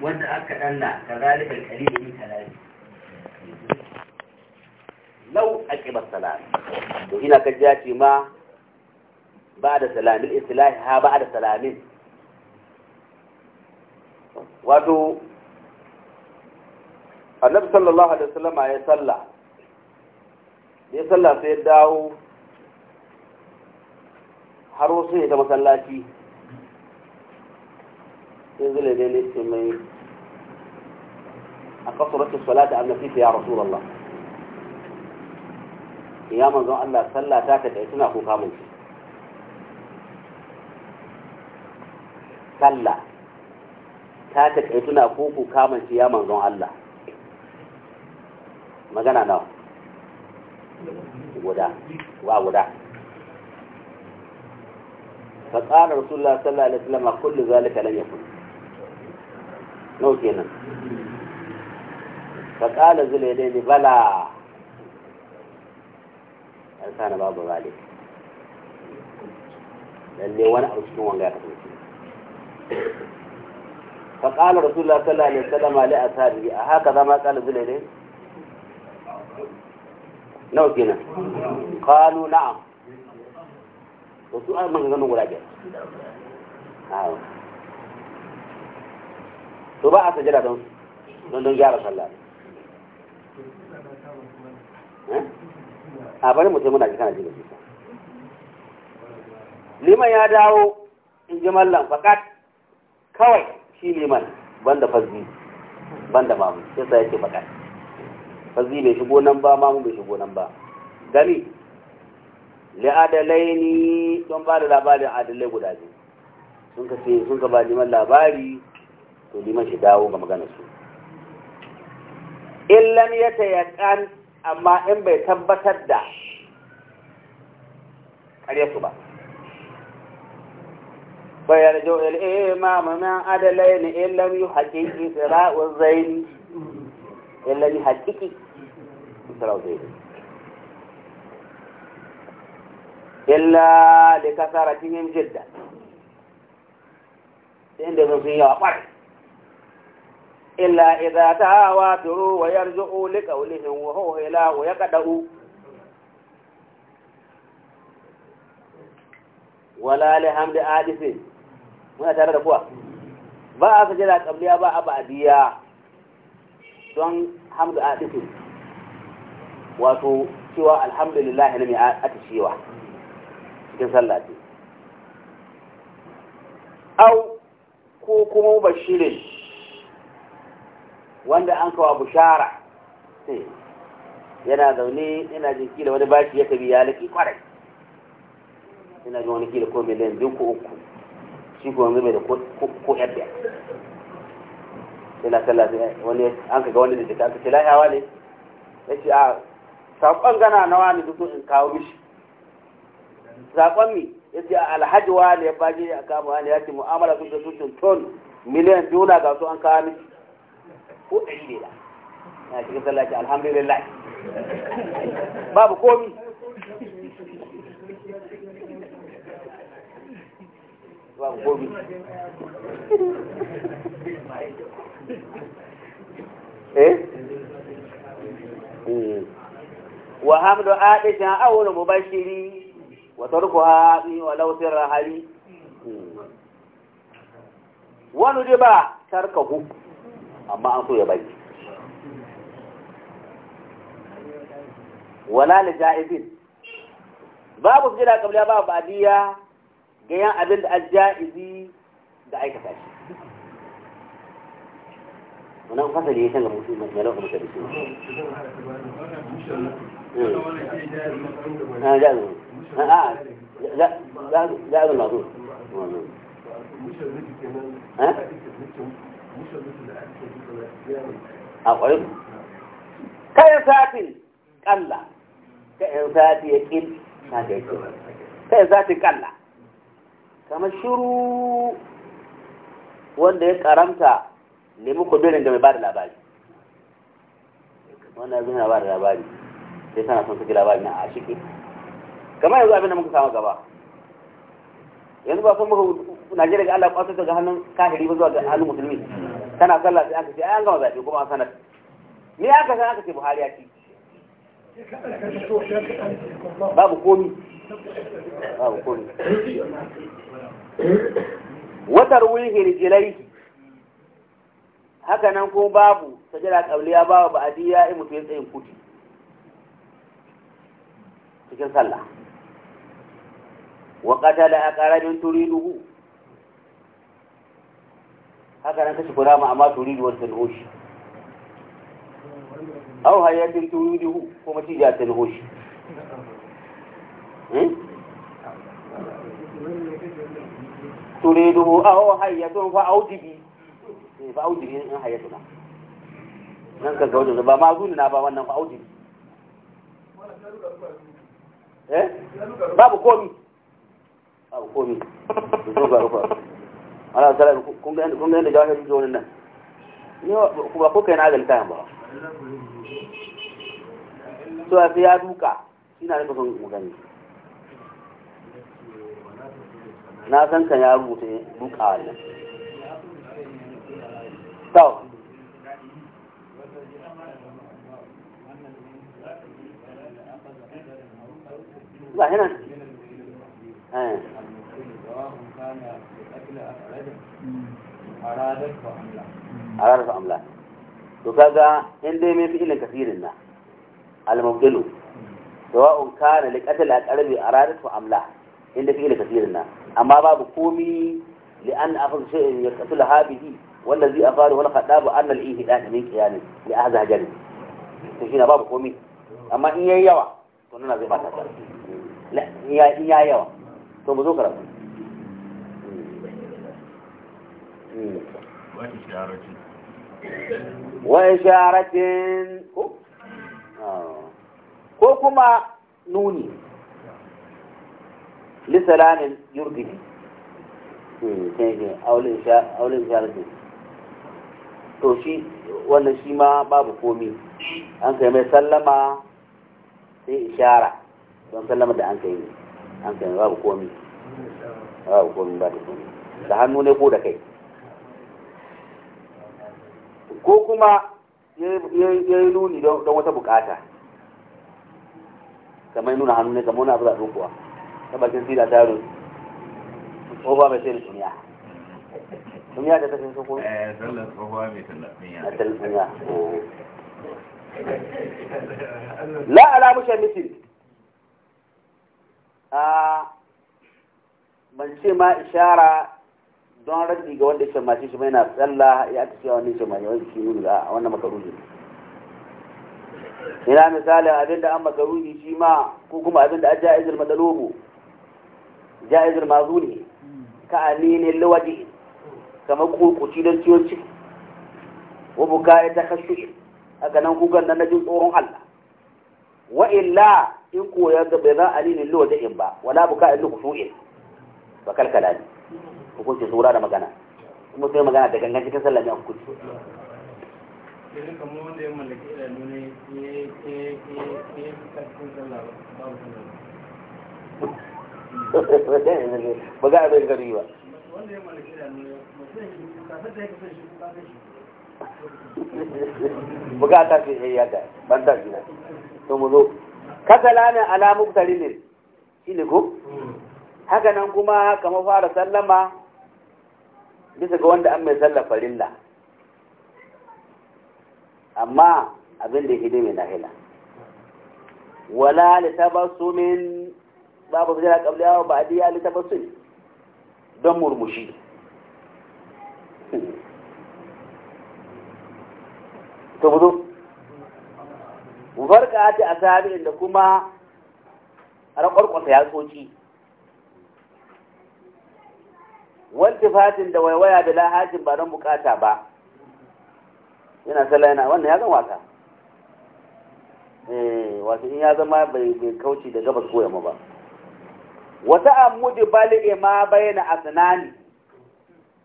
wanda aka danna ka zalika alqalil min kalami law aqiba salat to ina ka jace ma ba'da salamin islahi ha ba'da salamin wato annabi sallallahu alaihi wasallam ya salla ya salla sai ya dawo har wasu ya ta masallaci tinzile de ni simai a kasurata salata an nafi ya rasu Allah ya manzon Allah sallah ta ta kai tana kuka mun sallah ta ta kai tana kuku kamun shi ya Allah magana nawa guda wa guda فقال رسول الله صلى الله عليه وسلم كل ذلك لم يكن nau kenan zule dai zulaydaini bala an sana babu zalik lalle wani abu cikin wanga ya kasance ka qala rasulullah sallallahu alaihi wasallam li ashabi a haka zama zule dai, nau kenan qalu na'am wasu an maganganu guda biyar to ba a sajada don don don gyara sallah eh? a bari mutum muna ji kana ji da liman ya dawo in ji mallan fakat kawai shi liman banda fazzi banda mamu sai sa yake fakat fazzi bai shigo nan ba mamu bai shigo nan ba gami li'adalai ni don ba da labarin adalai guda biyu sun ka sun ka ba liman labari to liman shi dawo ga magana su illan ya amma in bai tabbatar da su ba bayar jo ilima mamman adalai ne illan yi haƙiƙi tsira'un zaini illan yi haƙiƙi tsira'un zaini illa da kasara cikin jidda inda yi yawa ƙwari إلا إذا تواتروا ويرجعوا لقولهم وهو إله يقدأ ولا لحمد آدف muna tare da kuwa ba a sajada kabliya ba a ba'adiyya don hamdu a wato cewa alhamdulillah ne mai atishewa cikin sallah ce ko kuma bashirin wanda an kawa bushara yana zaune yana jin kila wani bashi ya tabi ya laki kwarai yana jin wani kila ko miliyan biyu ko uku shi ko wani mai da ko yadda. biyar yana sallah wani an kaga wani da ta aka ce lahiyawa ne ya ce a saƙon gana na wani duk in kawo mishi saƙon mi ya ce a alhaji wani ya baje a kama wani ya ce mu'amala sun da sun ton miliyan biyu na ga su an kawo mishi ko ɗari ne da na cikin tsallaki alhamdulillah babu komi babu komi eh hmm. wa hamdu aisha awul mubashiri wa tarkuha wa law sirra hali hmm. wa nudiba tarkahu amma an so ya bari wala li ja'izin babu jira kabla babu badiya ga yan abin da ajaizi da ta shi wannan fasali ya canza mutum mai yalau hmm. ah, ah, ah, kuma Ka kayan satin kalla kayan sati ya kin na da yake kayan satin kalla kama shiru wanda ya karamta nemi kudirin da mai bada labari wanda ya zuna bada labari sai sana son suke labari na a shike kamar yanzu abin da muka samu gaba yanzu ba sun muka Najeriya ga Allah kwasar daga hannun kahiri ba zuwa ga hannun musulmi tana sallah sai aka ce ai an gama zabe kuma an sanar me aka san aka ce Buhari ya ci babu komi babu komi watar wulhi rijilai haka nan kuma babu sajada kauliya babu ba'adiyya in mutu ya tsayin kuti cikin sallah wa don turi turiduhu haka nan kashi kuna amma turidu wasu talhoshi au hayatin turidu ko mace ja talhoshi eh? turidu au hayatun fa audibi eh, fa audibi in hayatuna nan ka ga ba ma zuni na ba wannan fa audibi eh babu komi babu komi rufa ala salam kun ga kun ga yanda jawahir zo nan ne ba ko kai na ga kayan ba to a ya duka ina da son mu gani na san kan ya rubuta duka wannan Tau. ba yana eh Ararar mm. fa’amla. To kaga in dai mai fi ilin kafirin nan, al-mawdilu, dawa’un ka da likatar al’arabi a ranar fa’amla in da fi ilin kafirin nan, amma babu komi li an a fasa shi’in ya kasu da wanda zai a faru wani faɗa ba an nal’i hida min kiyani li a zaha jani. To shi na babu komi, amma in yayi yawa, to nuna zai ba ta In yayi yawa, to mu zo karatu. wa isharatin ko kuma nuni lisalamin yurgini aulin isharatin to shi wannan shi ma babu komi an kai mai sallama sai ishara don sallama da an kai ne an kai babu komi babu komi ba da komi da hannu ne ko da kai ko kuma ya yi nuni don wata bukata kamar nuna hannu ne kamar wani abu da dokuwa ta bakin sida ta yaro tsohuwa mai sai da tuniya tuniya da ta sun soko eh tsallar tsohuwa mai tuniya tuniya oh. la ala mushan mitin a ah, ban ce ma ishara don raddi ga wanda ya shamace shi mai na tsalla ya ta cewa wanda ya shamace wanda shi nuna za a wannan makaruni ina misalin abin da an makaruni shi ma ko kuma abin da an ja'izar matsalobo ja'izar mazu ne ka aminin lawaje kamar kurkuci don ciwon ciki wa buka ya ta kashe haka nan kukan nan na jin tsoron Allah wa illa in koyar da bai za a ninin lawaje ba wala buka in lukusu'in ba kalkala ne hukunci tsura da magana kuma sai magana da gangan cikin sallah a hukunci gari ba ya ya to mu zo kasala ne ala shi ne ko hmm. haka nan kuma kama fara sallama bisa ga wanda an mai sallar farilla amma abin da hidimi na hila wala litabassumin babu jira fijira qabliya wa ba'diya litabassum don murmushi to budu farka ta asabi inda kuma rakwarkwata yatsoci fatin da waiwaya da lahajin ba don bukata ba yana sallah yana wannan ya zan wata eh in ya zama bai kauci da gabas ko yamma ba wata amudi bali ma bayyana asnani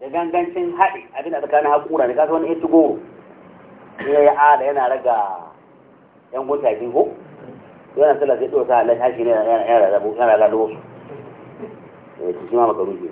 da gangancin haɗi abin da tsakanin haƙura ne kasa wani ya tugo ya yi ada yana raga yan gunta biyu ko yana sallah sai ɗora ta halar hashi ne yana rarrabo su ya ci shi ma makaruki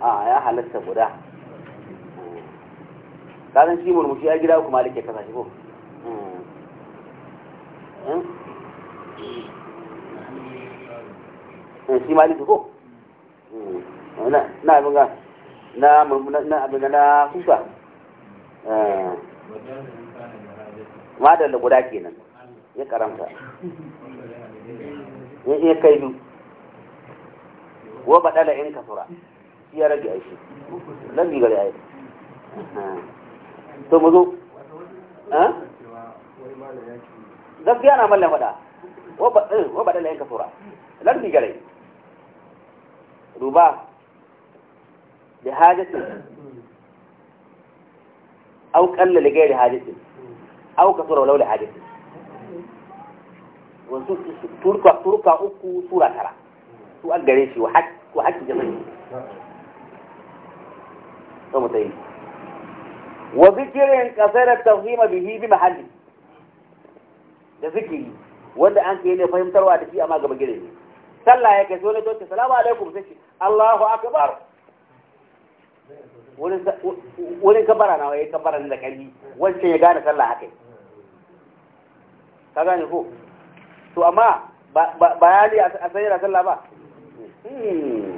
a ya halatta guda kasan shi murmushi ya gida kuma da ke kasa shi ko shi hmm. maliki ko na abin ga na abin ga na kuka eh. madar da guda kenan ya karanta ya kai biyu wa badala in kasura ya rage aishi nan bi gari ai to mu zo gaskiya na mallan faɗa wa baɗa eh, layin kasura nan bi gari ruba da hajjatin au kalla da gairi hajjatin au kasura walau da hajjatin wasu turka uku sura tara su an gare shi wa haƙƙi jama'i saboda yi wa zikirin kasar tafhima bihi bi mahalli da zikiri wanda an kai ne fahimtarwa da shi amma gaba gire ne sallah ya kai sai to salamu alaikum sai Allahu akbar wurin kabara nawa waye kabara da kalli wancan ya gane sallah haka ka gane ko to amma ba ba ya a a sallah ba hmm.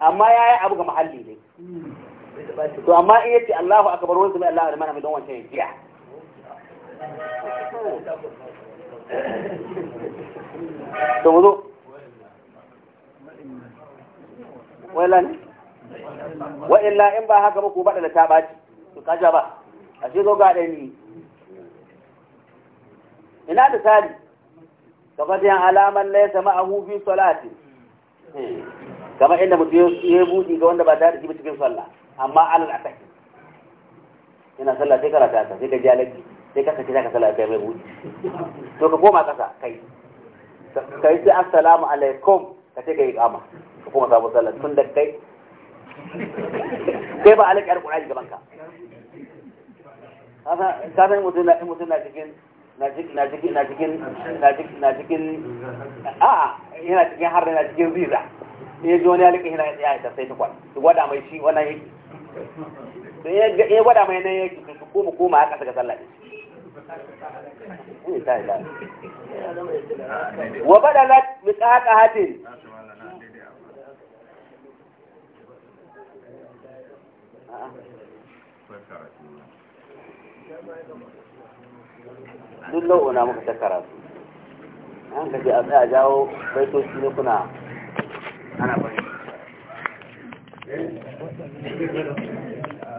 amma ya yi abu ga mahalli ne to amma in yace Allahu akbar wani kuma Allahu alman mai don wancan ya jiya to mu zo wailan wa illa in ba haka ba ku bada da ta baci to kaja ba a ce zo ga ni ina da sali kafa da alaman laysa ma'ahu fi salati eh. kama inda mutum ya buɗi ga wanda ba ta da shi cikin sallah amma alal ataki yana sallah sai karata ta sai ka ji sai ka saki ka sallah kai mai buɗi to ka koma kasa kai kai sai assalamu alaikum ka ce ka yi kama ka koma sabon sallah tun da kai kai ba alaƙi alƙur'ani gaban ka ka san mutum na mutum na cikin na cikin na cikin na cikin na cikin a'a yana cikin har na cikin visa ya ji wani ya liƙa hina ya yi sai ta su gwada mai shi wannan yake sun ya gwada mai nan yake su koma koma ya kasa ga sallah wa bada badalat misaka hatin duk lau'una muka ta su an ka a tsaya jawo baitoci ne kuna ana bari